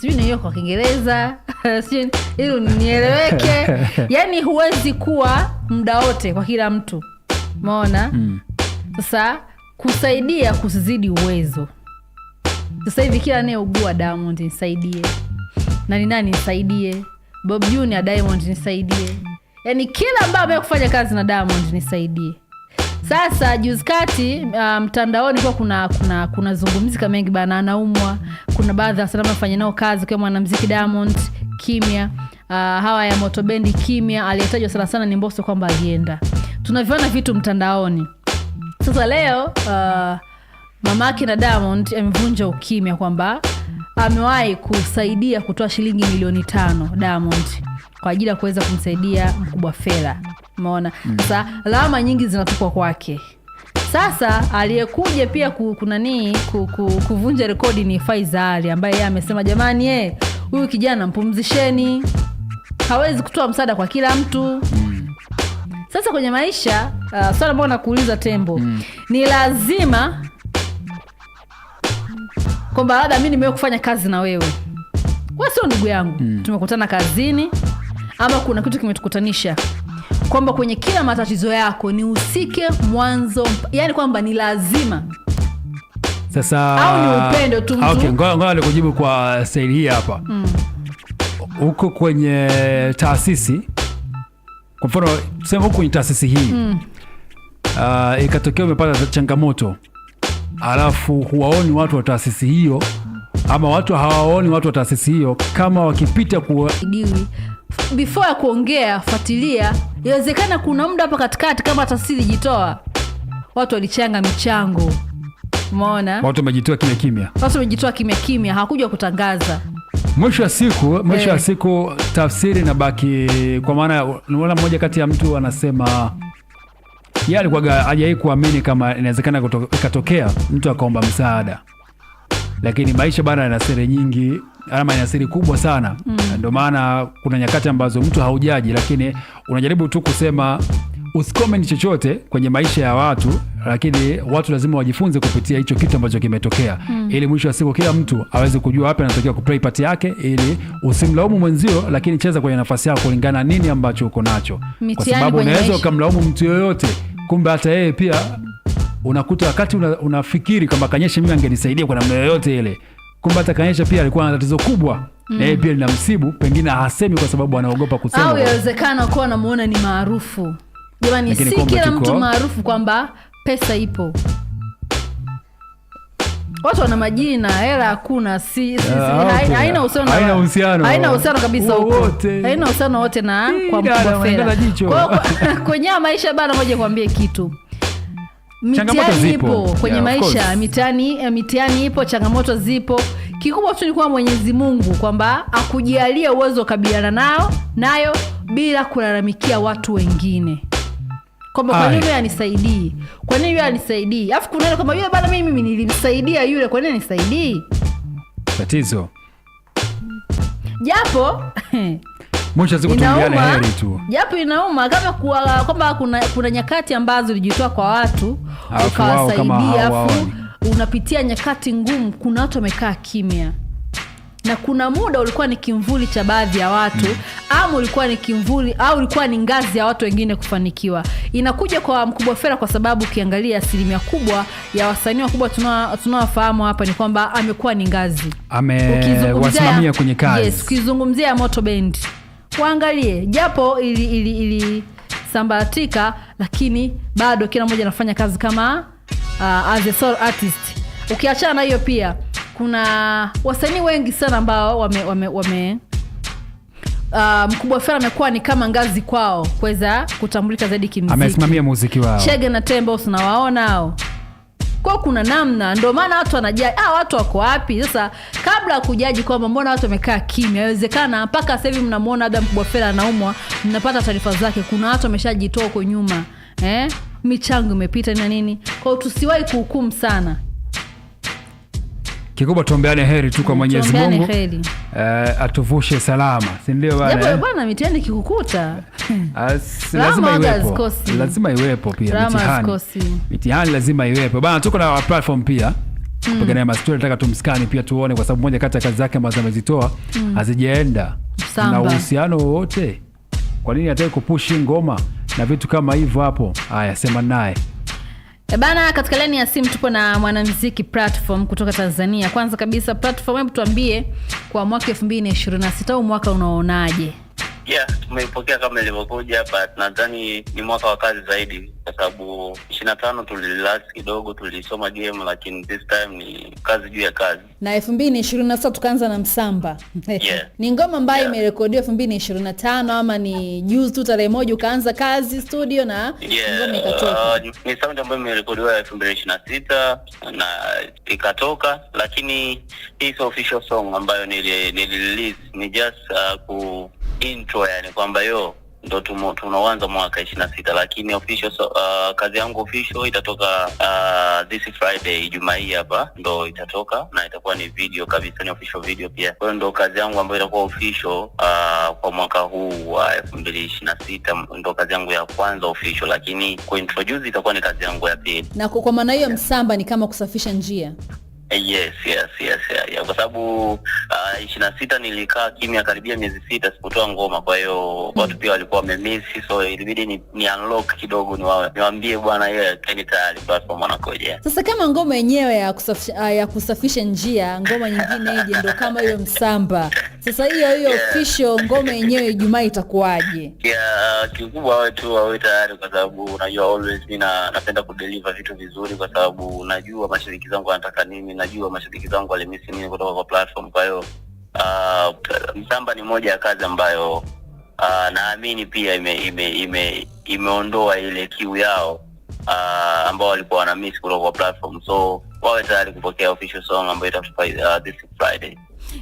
sijui na hiyo kwa Kiingereza ili nieleweke. Yani huwezi kuwa muda wote kwa kila mtu, maona mm. sasa mm. kusaidia kusizidi uwezo. Sasa hivi kila anayeugua Diamond nisaidie, nani nani nisaidie, Bob Junior Diamond nisaidie, yani kila ambaye amekufanya kazi na Diamond nisaidie. Sasa juzi kati ah, mtandaoni um, kuna kuna kuna zungumzika mengi bana, anaumwa. Kuna baadhi ya wasanii wanafanya nao kazi kama mwanamuziki Diamond kimya, uh, hawa ya moto bendi kimya, aliyetajwa sana sana ni Mbosso kwamba alienda. Tunaviona vitu mtandaoni. Sasa leo uh, ah, mamake na Diamond amevunja ukimya kwamba amewahi kusaidia kutoa shilingi milioni tano Diamond kwa ajili ya kuweza kumsaidia mkubwa Fela umeona mm. lawama nyingi zinatukwa kwake. Sasa aliyekuja pia kunanii kuvunja rekodi ni Faiza Ali ambaye yeye amesema jamani, ye eh, huyu kijana mpumzisheni, hawezi kutoa msaada kwa kila mtu. Mm. Sasa kwenye maisha uh, swala ambalo nakuuliza Tembo mm. ni lazima kwamba labda mi nimewe kufanya kazi na wewe, we sio ndugu yangu mm. tumekutana kazini ama kuna kitu kimetukutanisha kwamba kwenye kila matatizo yako nihusike mwanzo, yani kwamba ni lazima sasa au ni upendo tu Okay, ngoja nikujibu kwa staili hii hapa mm. huko mm. kwenye taasisi, kwa mfano sema huko kwenye taasisi hii mm. uh, ikatokea umepata changamoto, alafu huwaoni watu wa taasisi hiyo ama watu hawaoni watu wa taasisi hiyo kama wakipita kuwa... before ya kuongea, fuatilia Inawezekana kuna muda hapa katikati, kama tasiri jitoa watu walichanga michango, umeona, watu wamejitoa kimya kimya, watu wamejitoa kimya kimya, hawakuja kutangaza. Mwisho wa siku, mwisho wa eh. siku tafsiri baki, kwa maana wala mmoja kati ya mtu anasema yeye alikuwa hajawahi kuamini kama inawezekana ikatokea mtu akaomba msaada, lakini maisha bana yana siri nyingi alama ya siri kubwa sana mm. Ndio maana kuna nyakati ambazo mtu haujaji, lakini unajaribu tu kusema usikomenti chochote kwenye maisha ya watu, lakini watu lazima wajifunze kupitia hicho kitu ambacho kimetokea mm. ili mwisho wa siku kila mtu aweze kujua wapi anatakiwa kuplay part yake, ili usimlaumu mwenzio, lakini cheza kwenye nafasi yako kulingana nini ambacho uko nacho, kwa sababu unaweza ukamlaumu mtu yoyote, kumbe hata yeye pia unakuta wakati unafikiri una kwamba kanyeshe mimi angenisaidia kwa namna yoyote ile Kumbata Kanyesha pia alikuwa na tatizo kubwa Mm. Yeye pia linamsibu, pengine hasemi kwa sababu anaogopa kusema, au inawezekana kuwa anamuona ni maarufu. Jamani, si kila mtu maarufu kwamba pesa ipo. Watu wana majina, hela hakuna, si, si, si, ah, haina uhusiano, haina uhusiano, haina uhusiano kabisa huko, haina uhusiano wote na kwa mkubwa fedha. Kwa hiyo kwenye maisha bana, ngoja kuambie kitu Mitihani ipo kwenye yeah, maisha mitihani, eh, mitihani ipo, changamoto zipo. Kikubwa tu ni kwa Mwenyezi Mungu kwamba akujalie uwezo kukabiliana nao nayo bila kulalamikia watu wengine kwamba kwa nini anisaidii, kwa nini yeye anisaidii, alafu kuna ile kwamba yule bana, mimi nilimsaidia yule, kwa nini anisaidii? Tatizo japo mwisho siku tuombeane heri tu, japo inauma kama kwamba kuna, kuna nyakati ambazo ulijitoa kwa watu ukawasaidia, afu unapitia nyakati ngumu. Kuna watu wamekaa kimya na kuna muda ulikuwa ni kimvuli cha baadhi ya watu mm. Ama ulikuwa ni kimvuli au ulikuwa ni ngazi ya watu wengine kufanikiwa. Inakuja kwa Mkubwa Fera kwa sababu ukiangalia asilimia kubwa ya wasanii wakubwa tunaowafahamu hapa ni kwamba amekuwa ni ngazi, amewasimamia kwenye kazi. Yes, ukizungumzia Moto Bendi waangalie, japo ili, ili, ili sambaratika, lakini bado kila mmoja anafanya kazi kama uh, as a artist. Ukiachana na hiyo, pia kuna wasanii wengi sana ambao wame, wame, wame Uh, mkubwa fera amekuwa ni kama ngazi kwao kuweza kutambulika zaidi kimziki. Amesimamia muziki wao. Chege na Tembo unawaona hao kwao kuna namna, ndio maana watu wanajaji. Ah, watu wako wapi sasa? Kabla ya kujaji kwamba mbona watu wamekaa kimya, awezekana mpaka sahivi mnamwona labda mkubwa fela anaumwa, mnapata taarifa zake, kuna watu wameshajitoa huko nyuma eh? michango imepita na nini kwao, tusiwahi kuhukumu sana. Kikubwa tuombeane heri tu kwa mwenyezimungu uh, eh, atuvushe salama, sindio bwana? Eh? kikukuta Ah, lazima iwepo, mitihani. lazima iwepo bana, tuko na platform pia kupigania hmm. mastori Nataka tumskani pia tuone, kwa sababu moja kati ya kazi zake ambazo amezitoa hmm. hazijaenda na uhusiano wowote. Kwa nini atake kupushi ngoma na vitu kama hivyo hapo? aya sema naye. E, bana, katika laini ya simu tupo na mwanamziki platform kutoka Tanzania. Kwanza kabisa platform, hebu tuambie kwa mwaka elfu mbili na na ishirini sita au mwaka unaonaje? Yeah, tumeipokea kama ilivyokuja, but nadhani ni mwaka wa kazi zaidi, kwa sababu ishirini na tano tulirelax kidogo, tulisoma game, lakini this time ni kazi juu ya kazi. Na elfu mbili na ishirini na sita tukaanza na Msamba. Yeah. ni ngoma ambayo yeah, imerekodiwa elfu mbili na ishirini na tano ama ni juzi tu tarehe moja ukaanza kazi studio na yeah, Uh, ni sound ambayo imerekodiwa elfu mbili na ishirini na sita na ikatoka, lakini hii sio official song ambayo nili, ni, release ni just uh, ku intro, yani kwamba yo ndo tunaanza mwaka ishirini na sita lakini official so, uh, kazi yangu official itatoka uh, this Friday Ijumaa hii hapa ndo itatoka na itakuwa ni video kabisa, ni official video pia. Kwa hiyo ndo kazi yangu ambayo itakuwa official uh, kwa mwaka huu wa uh, elfu mbili ishirini na sita ndo kazi yangu ya kwanza official, lakini kuintroduce itakuwa ni kazi yangu ya pili. Na kwa maana hiyo, msamba ni kama kusafisha njia Eh, yes, yes, yes, yeah. Kwa sababu uh, ishirini na sita nilikaa kimya karibia miezi sita sikutoa ngoma, kwa hiyo mm. watu pia walikuwa wamemisi, so ilibidi ni, ni unlock kidogo niwaambie bwana hiyo keni tayari platform wanakoja. Sasa kama ngoma yenyewe ya, kusafisha, uh, ya kusafisha njia, ngoma nyingine ije ndo kama hiyo Msamba. Sasa hiyo hiyo yeah. official ngoma yenyewe Ijumaa itakuwaje? Yeah, kikubwa wawe tu wawe tayari kwa sababu unajua always mimi napenda kudeliver vitu vizuri kwa sababu unajua mashiriki zangu wanataka nini najua mashabiki zangu walimisi mimi kutoka kwa platform. Kwa hiyo uh, mtamba ni moja ya kazi ambayo uh, naamini pia ime, ime, ime, imeondoa ile kiu yao uh, ambao walikuwa wana miss kutoka kwa platform, so wawe tayari kupokea official song ambayo itatoka uh, this Friday.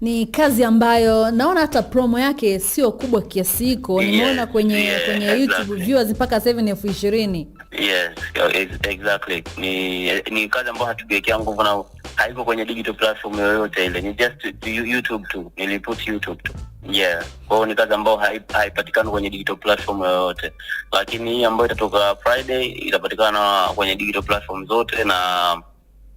Ni kazi ambayo naona hata promo yake sio kubwa kiasi hiko, nimeona yes, kwenye yes, kwenye YouTube exactly. viewers mpaka sasa elfu ishirini. Yes, oh, exactly. Ni ni kazi ambayo hatukiwekea nguvu na haiko kwenye digital platform yoyote ile, ni just YouTube tu, niliput YouTube tu. Yeah, kwa hiyo ni kazi ambayo haipatikani kwenye digital platform yoyote, lakini hii ambayo itatoka Friday itapatikana kwenye digital platform zote, na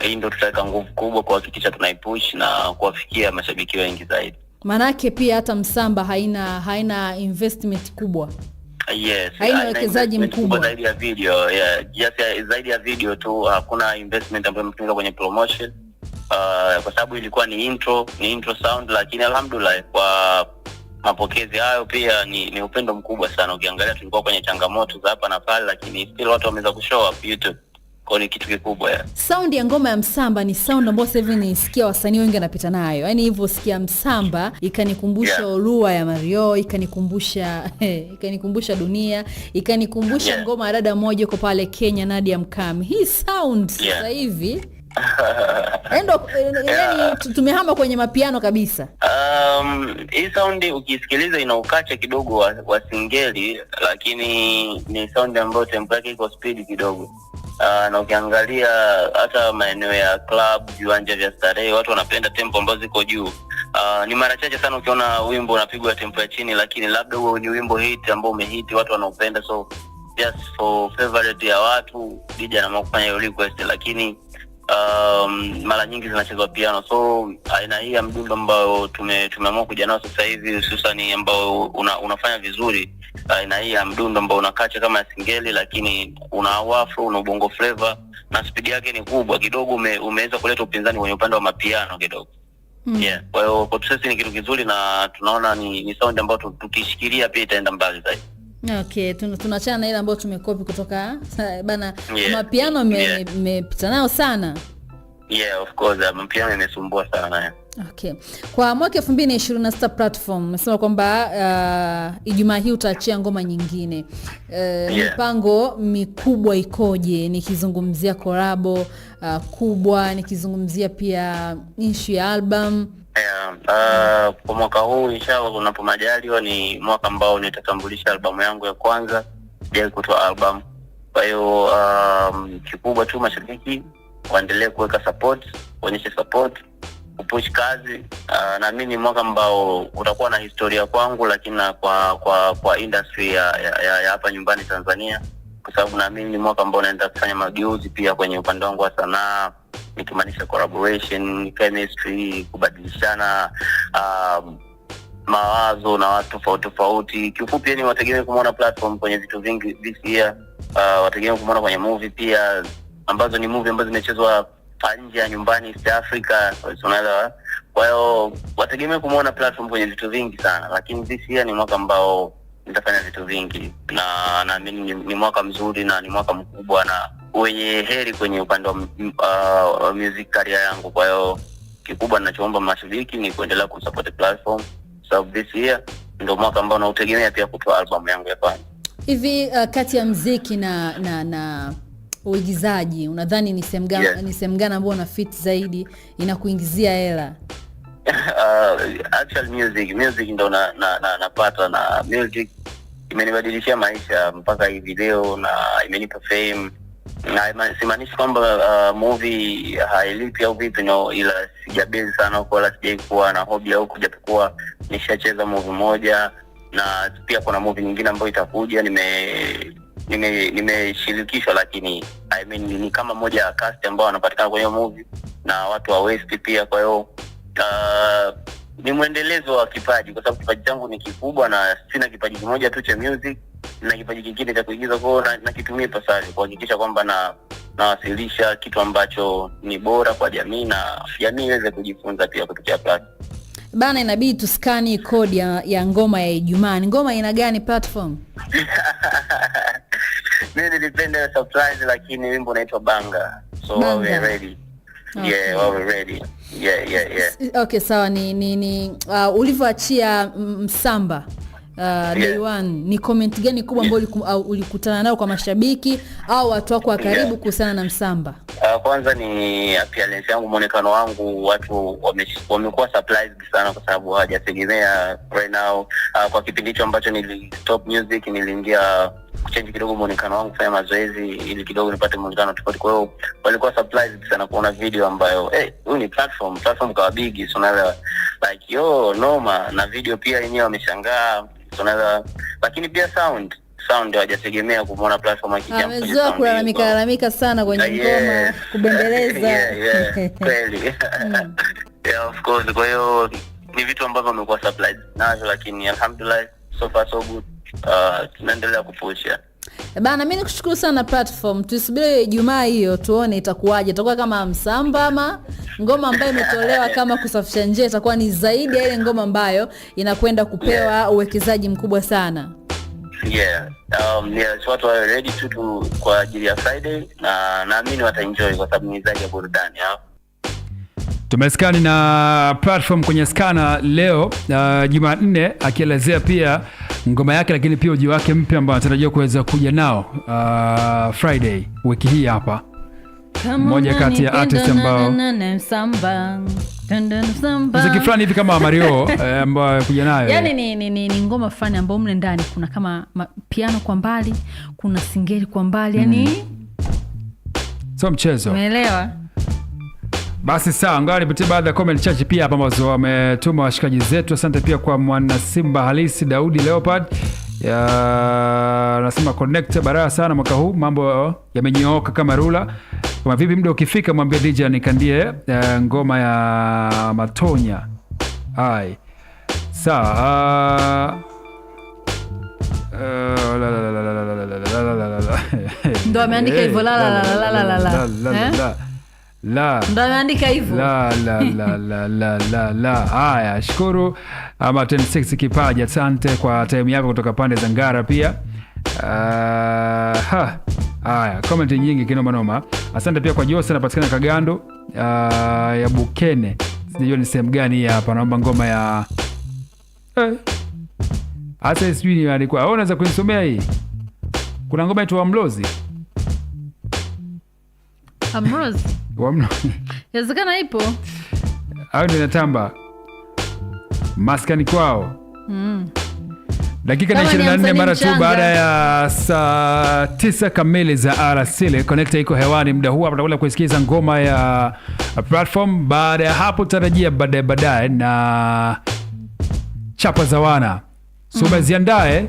hii ndio tutaweka nguvu kubwa kuhakikisha tunaipush na kuwafikia mashabiki wengi zaidi, maanake pia hata Msamba haina haina investment kubwa yes, haina uwekezaji mkubwa zaidi ya video yeah, yes, zaidi ya video tu, hakuna investment ambayo imetumika kwenye promotion uh, kwa sababu ilikuwa ni intro, ni intro sound, lakini alhamdulillah kwa mapokezi hayo pia ni, ni upendo mkubwa sana. Ukiangalia tulikuwa kwenye changamoto za hapa na pale, lakini still watu wameweza kushow up YouTube kwao ni kitu kikubwa. Yani, sound ya ngoma ya msamba ni sound ambayo sasa hivi nisikia wasanii wengi wanapita nayo, yaani hivyo sikia msamba ikanikumbusha yeah. Olua ya Mario ikanikumbusha eh, ikanikumbusha dunia ikanikumbusha yeah. ngoma ya dada moja uko pale Kenya, Nadia Mkami. Hii sound yeah. sasa hivi Endo, eh, eh, yani tumehama kwenye mapiano kabisa. Um, hii saundi ukisikiliza ina ukacha kidogo wa, wa singeli, lakini ni saundi ambayo tempo yake iko spidi kidogo. Uh, na ukiangalia hata maeneo ya club, viwanja vya starehe, watu wanapenda tempo ambazo ziko juu. Uh, ni mara chache sana ukiona wimbo unapigwa tempo ya chini, lakini labda huo ni wimbo hit ambao umehit, watu wanaupenda, so just for favorite ya watu DJ anaamua kufanya hiyo request, lakini um, mara nyingi zinachezwa piano, so aina hii ya mdundo ambayo tumeamua kuja nao sasa hivi hususan ambao una, unafanya vizuri aina hii ya mdundo ambao unakacha kama singeli, lakini una afro, una ubongo flavor na spidi yake ni kubwa kidogo. Ume, umeweza kuleta upinzani kwenye upande wa mapiano kidogo. Mm. Yeah. Kwa hiyo kwa sisi ni kitu kizuri na tunaona ni, ni sound ambayo tukishikilia pia itaenda mbali zaidi. Okay, tunachana na ile ambayo tumekopi kutoka bana, yeah. Mapiano mmepita yeah. nayo sana Yeah, of course, um, pia sana naye. Okay. Kwa mwaka 2026 platform umesema kwamba uh, Ijumaa hii utaachia ngoma nyingine uh, yeah. Mipango mikubwa ikoje, nikizungumzia korabo uh, kubwa, nikizungumzia pia ishu ya album yeah. Uh, kwa mwaka huu inshallah, kunapo majaliwa, ni mwaka ambao nitatambulisha albamu yangu ya kwanza, sijawahi kutoa albamu. Kwa hiyo um, kikubwa tu mashabiki waendelee kuweka support, kuonyesha support, kupush kazi. uh, ah, Naamini mwaka ambao utakuwa na historia kwangu, lakini na kwa kwa kwa industry ya ya, hapa nyumbani Tanzania, kwa sababu naamini ni mwaka ambao naenda kufanya mageuzi pia kwenye upande wangu wa sanaa nikimaanisha collaboration, chemistry, kubadilishana um, mawazo na watu tofauti tofauti. Kiufupi, ni yaani wategemee kumwona platform kwenye vitu vingi this year, uh, wategemee kumwona kwenye movie pia ambazo ni movie ambazo zimechezwa nje ya nyumbani East Africa, unaelewa. Kwa hiyo wategemee kumwona platform kwenye vitu vingi sana, lakini this year ni mwaka ambao nitafanya vitu vingi na naamini ni, ni mwaka mzuri na ni mwaka mkubwa na wenye heri kwenye upande wa uh, music career yangu. Kwa hiyo kikubwa ninachoomba mashabiki ni kuendelea kumsupport platform sababu so this year ndio mwaka ambao nautegemea pia kutoa albamu yangu ya kwanza hivi. Uh, kati ya mziki na na na uigizaji, unadhani ni sehemu gani yes, ni sehemu gani ambayo una fit zaidi inakuingizia hela? Uh, actual music music ndo na, na, na, napata na music imenibadilishia maisha mpaka hivi leo na imenipa fame na simaanishi kwamba uh, movie hailipi au vipi no, ila sijabezi sana huko, wala sijai kuwa na hobi huko, japokuwa nishacheza movie moja na pia kuna movie nyingine ambayo itakuja nime nimeshirikishwa nime lakini I mean, ni kama mmoja ya cast ambao wanapatikana kwenye movie na watu wa West pia. Kwa hiyo uh, ni mwendelezo wa kipaji, kwa sababu kipaji changu ni kikubwa na sina kipaji kimoja tu cha music na kipaji kingine cha kuigiza. kwao hiyo nakitumia na ipasavyo kuhakikisha kwamba na nawasilisha kitu ambacho ni bora kwa jamii na jamii iweze kujifunza pia kupitia platform bana. Inabidi tuskani kodi ya, ya ngoma ya Ijumaa. Ni ngoma ina gani platform? mi nilipenda surprise, lakini wimbo unaitwa Banga, so wawe ready. Okay. Yeah, ready. Yeah, yeah, yeah. Okay, sawa ni, ni, ni uh, ulivyoachia Msamba uh, yeah. day one, ni comment gani kubwa ambayo yeah. ulikutana nayo kwa mashabiki au watu wako wa karibu yeah. kuhusiana na Msamba? Uh, kwanza ni appearance yangu, mwonekano wangu, watu wamekuwa surprised sana kwa sababu hawajategemea right now. Uh, kwa kipindi hicho ambacho nili stop music niliingia kuchange kidogo mwonekano wangu, kufanya mazoezi ili kidogo nipate mwonekano tofauti. Kwa hiyo walikuwa surprised sana kuona video ambayo eh, hey, huyu ni platform platform kawa bigi, so unaelewa like yo noma, na video pia yenyewe wameshangaa tunaweza, lakini pia sound sound hawajategemea kumwona platform akijampa. Amezoea kulalamika lalamika sana kwenye ngoma yeah, kubembeleza kweli yeah, yeah, mm. yeah, of course. Kwa hiyo ni vitu ambavyo wamekuwa supplied nazo, lakini alhamdulillah so far so good. Uh, tunaendelea kupusha Eh bana, mi nikushukuru sana platform. Tusubiri jumaa hiyo tuone itakuwaje, itakuwa kama msamba ama ngoma ambayo imetolewa kama kusafisha njia, itakuwa ni zaidi ya ile ngoma ambayo inakwenda kupewa uwekezaji mkubwa sana yeah. Um, yes, watu wawe tu kwa ajili ya Friday na naamini wataenjoy kwa sababu ni zaidi ya burudani Tumeskani na platform kwenye skana leo uh, nne akielezea pia ngoma yake, lakini pia uji wake mpya ambao anatarajiwa kuweza kuja nao uh, Friday wiki hii hapa, mmoja kati ya artist ambao muziki fulani hivi kama Mario eh, ambayo kuja nayo yani ni, ni, ni, ni ngoma fulani ambao mle ndani kuna kama piano kwa mbali, kuna singeli kwa mbali, yani mm. sio mchezo, umeelewa? Basi sawa, ngoja nipitie baadhi ya comment chache pia hapa ambazo wametuma washikaji zetu. Asante pia kwa mwana Simba halisi Daudi Leopard anasema connect baraya sana mwaka huu, mambo yamenyooka kama rula. Kama vipi, muda ukifika mwambie DJ nikandie ngoma ya Matonya. Hai sawa ndo ameandika hivyo la la la la la la la ndo ameandika hivyo la la la la la la la. Haya, shukuru ama 26 Kipaji, asante kwa time yako kutoka pande za Ngara pia. Uh, ha haya, komenti nyingi kinoma noma. Asante pia kwa Jose, napatikana Kagando uh, ah, ya Bukene, sijajua ni sehemu gani hapa. Naomba ngoma ya eh. hasa hey. Sijui nimeandikwa au unaweza kunisomea hii? Kuna ngoma itwa Mlozi Amrozi Inawezekana ipo au ndo inatamba maskani kwao mm. Dakika na 24 mara tu baada ya saa 9 kamili za alasiri, Konekta iko hewani muda huu hapa. Tutakwenda kuisikiza ngoma ya platform. Baada ya hapo, tarajia baadaye baadaye na chapa za wana suba mm. Ziandae,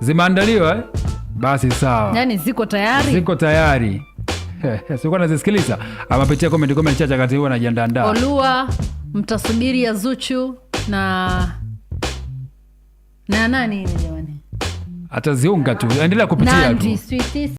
zimeandaliwa eh? basi, sawa, yani ziko tayari, ziko tayari sikuwa nazisikiliza amapitia komenti komenti chache kati huwa najiandaandaa. Olua mtasubiri ya Zuchu na na nani ile jamani, ataziunga tu, endelea kupitia tu.